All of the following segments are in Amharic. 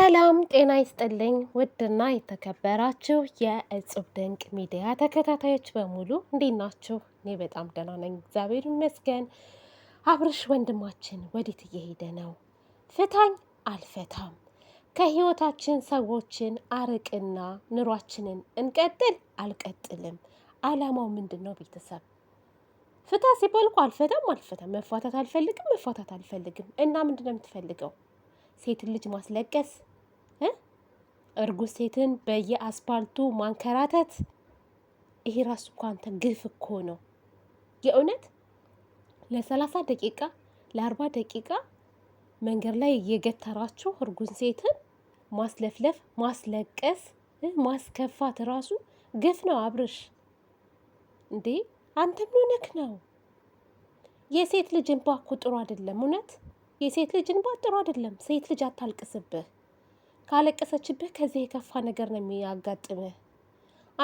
ሰላም ጤና ይስጥልኝ። ውድና የተከበራችሁ የእጽብ ድንቅ ሚዲያ ተከታታዮች በሙሉ እንዴት ናችሁ? እኔ በጣም ደህና ነኝ፣ እግዚአብሔር ይመስገን። አብርሽ ወንድማችን ወዴት እየሄደ ነው? ፍታኝ አልፈታም። ከህይወታችን ሰዎችን አርቅና ኑሯችንን እንቀጥል አልቀጥልም። አላማው ምንድን ነው? ቤተሰብ ፍታ ሲባል እኮ አልፈታም አልፈታም፣ መፋታት አልፈልግም መፋታት አልፈልግም። እና ምንድን ነው የምትፈልገው? ሴትን ልጅ ማስለቀስ እርጉዝ ሴትን በየአስፓልቱ ማንከራተት ይሄ ራሱ እኮ አንተ ግፍ እኮ ነው። የእውነት ለሰላሳ ደቂቃ ለአርባ ደቂቃ መንገድ ላይ የገተራችሁ እርጉዝ ሴትን ማስለፍለፍ፣ ማስለቀስ፣ ማስከፋት ራሱ ግፍ ነው። አብርሽ እንዴ አንተ ምን ሆነክ ነው? የሴት ልጅ እንባ እኮ ጥሩ አይደለም። እውነት የሴት ልጅ እንባ ጥሩ አይደለም። ሴት ልጅ አታልቅስብህ። ካለቀሰችብህ ከዚህ የከፋ ነገር ነው የሚያጋጥምህ።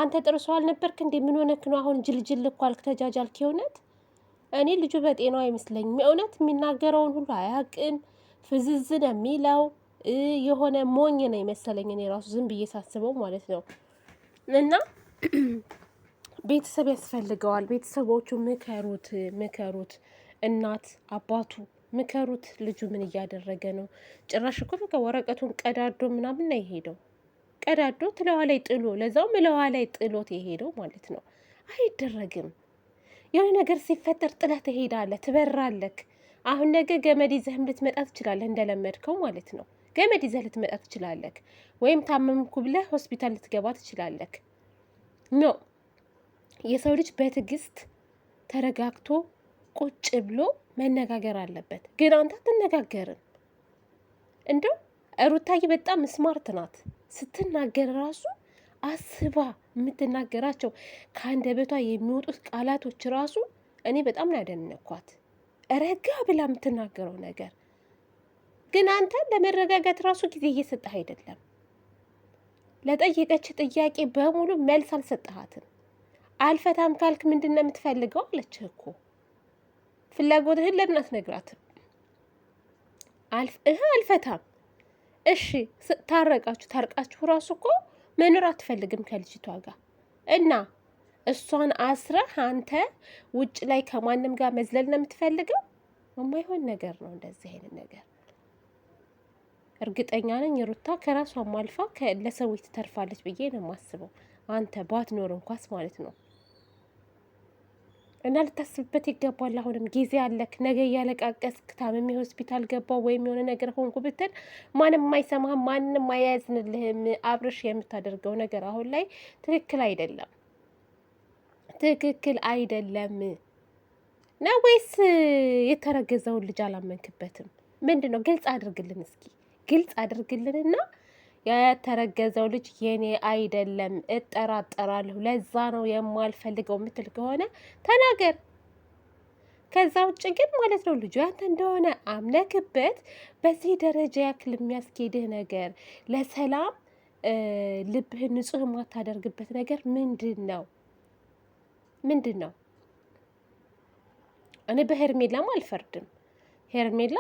አንተ ጥሩ ሰው አልነበርክ እንዴ? ምን ሆነክ ነው አሁን ጅልጅል እኮ አልክ፣ ተጃጃልክ። የእውነት እኔ ልጁ በጤናው አይመስለኝም። የእውነት የሚናገረውን ሁሉ አያውቅም፣ ፍዝዝ ነው የሚለው። የሆነ ሞኝ ነው የመሰለኝ እኔ ራሱ ዝም ብዬ ሳስበው ማለት ነው። እና ቤተሰብ ያስፈልገዋል። ቤተሰቦቹ ምከሩት፣ ምከሩት፣ እናት አባቱ ምከሩት፣ ልጁ ምን እያደረገ ነው? ጭራሽ እኮ በቃ ወረቀቱን ቀዳዶ ምናምን ነው የሄደው። ቀዳዶ ትለዋ ላይ ጥሎ፣ ለዛውም እለዋ ላይ ጥሎት የሄደው ማለት ነው። አይደረግም። የሆነ ነገር ሲፈጠር ጥለህ ትሄዳለህ፣ ትበራለክ አሁን ነገ ገመድ ይዘህም ልትመጣ ትችላለህ፣ እንደለመድከው ማለት ነው። ገመድ ይዘህ ልትመጣ ትችላለክ፣ ወይም ታመምኩ ብለህ ሆስፒታል ልትገባ ትችላለክ ኖ የሰው ልጅ በትዕግስት ተረጋግቶ ቁጭ ብሎ መነጋገር አለበት። ግን አንተ አትነጋገርም። እንደው ሩታዬ በጣም ስማርት ናት። ስትናገር ራሱ አስባ የምትናገራቸው ከአንደበቷ የሚወጡት ቃላቶች ራሱ እኔ በጣም ነው ያደነኳት። ረጋ ብላ የምትናገረው ነገር ግን አንተ ለመረጋጋት ራሱ ጊዜ እየሰጠህ አይደለም። ለጠየቀች ጥያቄ በሙሉ መልስ አልሰጠሃትም። አልፈታም ካልክ ምንድን ነው የምትፈልገው አለችህ እኮ። ፍላጎትህን ለምን አትነግራትም? እህ አልፈታም። እሺ ታረቃችሁ፣ ታርቃችሁ ራሱ እኮ መኖር አትፈልግም ከልጅቷ ጋር እና እሷን አስረህ አንተ ውጭ ላይ ከማንም ጋር መዝለል ነው የምትፈልገው። የማይሆን ነገር ነው እንደዚህ አይነት ነገር። እርግጠኛ ነኝ ሩታ ከራሷም አልፋ ለሰዎች ትተርፋለች ብዬ ነው የማስበው። አንተ ባት ኖር እንኳስ ማለት ነው። እና ልታስብበት ይገባል። አሁንም ጊዜ አለክ። ነገ እያለቃቀስክ ታምሜ ሆስፒታል ገባው ወይም የሆነ ነገር ሆንኩ ብትል ማንም አይሰማህም፣ ማንም አያዝንልህም። አብርሽ የምታደርገው ነገር አሁን ላይ ትክክል አይደለም፣ ትክክል አይደለም ነው ወይስ የተረገዘውን ልጅ አላመንክበትም? ምንድን ነው? ግልጽ አድርግልን እስኪ፣ ግልጽ አድርግልንና የተረገዘው ልጅ የኔ አይደለም እጠራጠራለሁ፣ ለዛ ነው የማልፈልገው ምትል ከሆነ ተናገር። ከዛ ውጭ ግን ማለት ነው ልጁ ያንተ እንደሆነ አምነክበት በዚህ ደረጃ ያክል የሚያስኬድህ ነገር ለሰላም ልብህን ንጹህ የማታደርግበት ነገር ምንድን ነው? ምንድን ነው? እኔ በሄርሜላም አልፈርድም። ሄርሜላ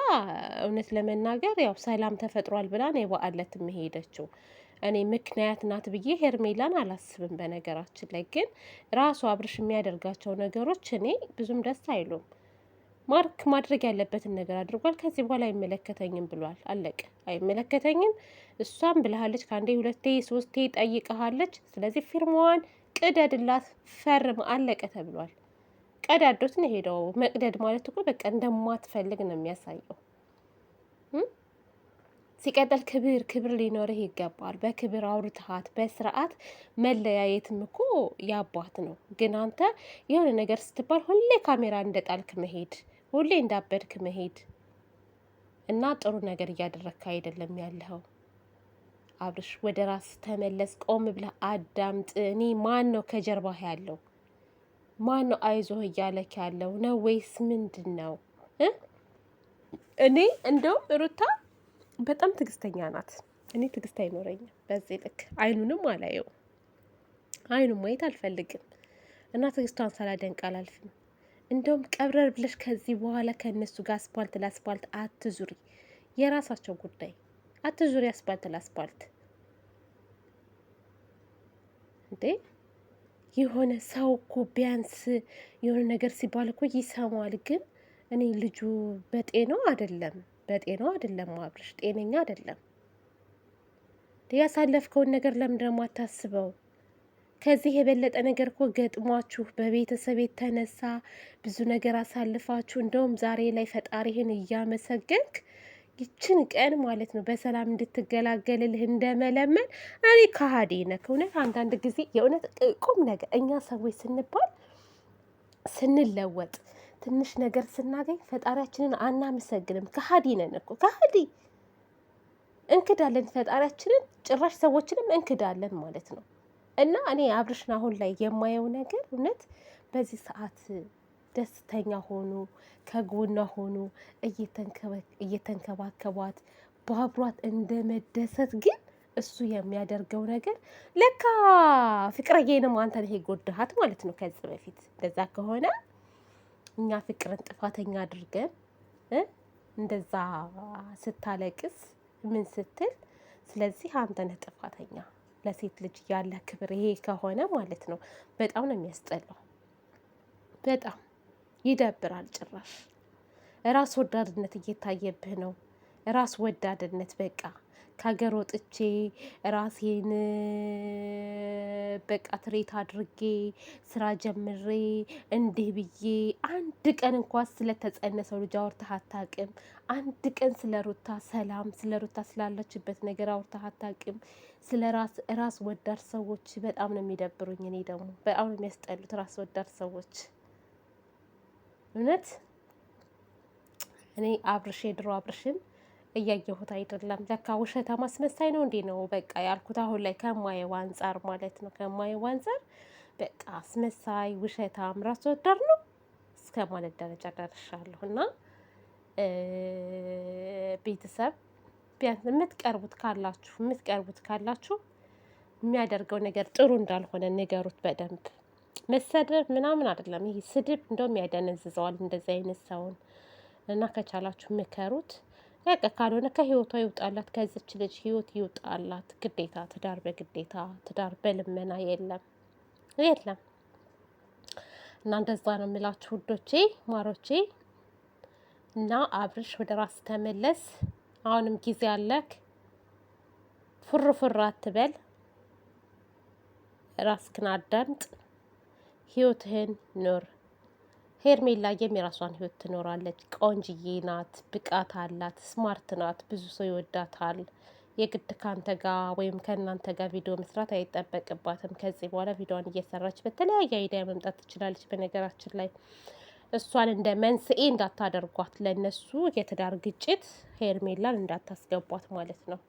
እውነት ለመናገር ያው ሰላም ተፈጥሯል ብላ ነው የበዓለት የምሄደችው። እኔ ምክንያት ናት ብዬ ሄርሜላን አላስብም። በነገራችን ላይ ግን ራሱ አብርሽ የሚያደርጋቸው ነገሮች እኔ ብዙም ደስ አይሉም። ማርክ ማድረግ ያለበትን ነገር አድርጓል። ከዚህ በኋላ አይመለከተኝም ብሏል። አለቀ። አይመለከተኝም። እሷም ብልሃለች፣ ከአንዴ ሁለቴ ሶስቴ ጠይቀሃለች። ስለዚህ ፊርማዋን ቅደድላት፣ ፈርም፣ አለቀ ተብሏል። ቀዳዶት ነው ሄደው። መቅደድ ማለት እኮ በቃ እንደማትፈልግ ነው የሚያሳየው። ሲቀጥል ክብር ክብር ሊኖርህ ይገባል። በክብር አውርትሃት በስርዓት መለያየትም እኮ ያባት ነው። ግን አንተ የሆነ ነገር ስትባል ሁሌ ካሜራ እንደጣልክ መሄድ፣ ሁሌ እንዳበድክ መሄድ እና ጥሩ ነገር እያደረግክ አይደለም ያለኸው። አብርሽ ወደ ራስ ተመለስ። ቆም ብለህ አዳምጥ። እኔ ማን ነው ከጀርባህ ያለው? ማን ነው አይዞህ እያለክ ያለው ነው ወይስ ምንድን ነው? እኔ እንደውም ሩታ በጣም ትዕግስተኛ ናት። እኔ ትዕግስት አይኖረኝም በዚህ ልክ። አይኑንም አላየው፣ አይኑን ማየት አልፈልግም እና ትዕግስቷን ሳላደንቅ አላልፍም። እንደውም ቀብረር ብለሽ ከዚህ በኋላ ከእነሱ ጋር አስፓልት ለአስፓልት አትዙሪ፣ የራሳቸው ጉዳይ አትዙሪ፣ አስፓልት ለአስፓልት እንዴ የሆነ ሰው እኮ ቢያንስ የሆነ ነገር ሲባል እኮ ይሰማል። ግን እኔ ልጁ በጤናው አይደለም በጤናው አይደለም አብርሽ ጤነኛ አይደለም። ያሳለፍከውን ነገር ለምን ደግሞ አታስበው? ከዚህ የበለጠ ነገር እኮ ገጥሟችሁ በቤተሰብ የተነሳ ብዙ ነገር አሳልፋችሁ እንደውም ዛሬ ላይ ፈጣሪህን እያመሰገንክ ይችን ቀን ማለት ነው በሰላም እንድትገላገልልህ እንደመለመን። እኔ ከሃዲ ነህ እውነት። አንዳንድ ጊዜ የእውነት ቁም ነገር እኛ ሰዎች ስንባል ስንለወጥ ትንሽ ነገር ስናገኝ ፈጣሪያችንን አናመሰግንም። ከሃዲ ነን እኮ ከሃዲ እንክዳለን ፈጣሪያችንን፣ ጭራሽ ሰዎችንም እንክዳለን ማለት ነው። እና እኔ አብርሽን አሁን ላይ የማየው ነገር እውነት በዚህ ሰዓት ደስተኛ ሆኑ ከጎና ሆኑ እየተንከባከቧት በአብሯት እንደ መደሰት ግን እሱ የሚያደርገው ነገር ለካ ፍቅርዬንም አንተ ነህ ጎድሃት ማለት ነው። ከዚህ በፊት እንደዛ ከሆነ እኛ ፍቅርን ጥፋተኛ አድርገን እንደዛ ስታለቅስ ምን ስትል፣ ስለዚህ አንተ ነህ ጥፋተኛ። ለሴት ልጅ ያለ ክብር ይሄ ከሆነ ማለት ነው በጣም ነው የሚያስጠላው በጣም ይደብራል። ጭራሽ ራስ ወዳድነት እየታየብህ ነው። ራስ ወዳድነት በቃ ከሀገር ወጥቼ ራሴን በቃ ትሬት አድርጌ ስራ ጀምሬ እንዲህ ብዬ አንድ ቀን እንኳን ስለተጸነሰው ልጅ አውርተህ አታውቅም። አንድ ቀን ስለ ሩታ ሰላም፣ ስለ ሩታ ስላለችበት ነገር አውርተህ አታውቅም። ስለ ራስ ራስ ወዳድ ሰዎች በጣም ነው የሚደብሩኝ። እኔ ደግሞ በጣም ነው የሚያስጠሉት ራስ ወዳድ ሰዎች። እውነት እኔ አብርሽ የድሮ አብርሽን እያየሁት አይደለም። ለካ ውሸታም አስመሳይ ነው እንዴ ነው በቃ ያልኩት አሁን ላይ ከማየው አንጻር ማለት ነው። ከማየው አንጻር በቃ አስመሳይ፣ ውሸታም፣ ራስ ወዳድ ነው እስከ ማለት ደረጃ ደርሻለሁ። እና ቤተሰብ ቢያንስ የምትቀርቡት ካላችሁ የምትቀርቡት ካላችሁ የሚያደርገው ነገር ጥሩ እንዳልሆነ ንገሩት በደንብ መሰደብ ምናምን አይደለም። ይሄ ስድብ እንደውም ያደነዝዘዋል እንደዚህ አይነት ሰውን እና ከቻላችሁ ምከሩት። በቃ ካልሆነ ከህይወቷ ይውጣላት ከዚች ልጅ ህይወት ይውጣላት። ግዴታ ትዳር በግዴታ ትዳር በልመና የለም የለም። እና እንደዛ ነው የምላችሁ ውዶቼ ማሮቼ። እና አብርሽ ወደ ራስ ተመለስ። አሁንም ጊዜ አለክ። ፍርፍር አትበል። ራስክን አዳምጥ። ህይወትህን ኑር። ሄርሜላ የሚራሷን ህይወት ትኖራለች። ቆንጅዬ ናት፣ ብቃት አላት፣ ስማርት ናት፣ ብዙ ሰው ይወዳታል። የግድ ካንተ ጋር ወይም ከእናንተ ጋር ቪዲዮ መስራት አይጠበቅባትም። ከዚህ በኋላ ቪዲዮን እየሰራች በተለያየ አይዲያ መምጣት ትችላለች። በነገራችን ላይ እሷን እንደ መንስኤ እንዳታደርጓት፣ ለእነሱ የትዳር ግጭት ሄርሜላን እንዳታስገቧት ማለት ነው።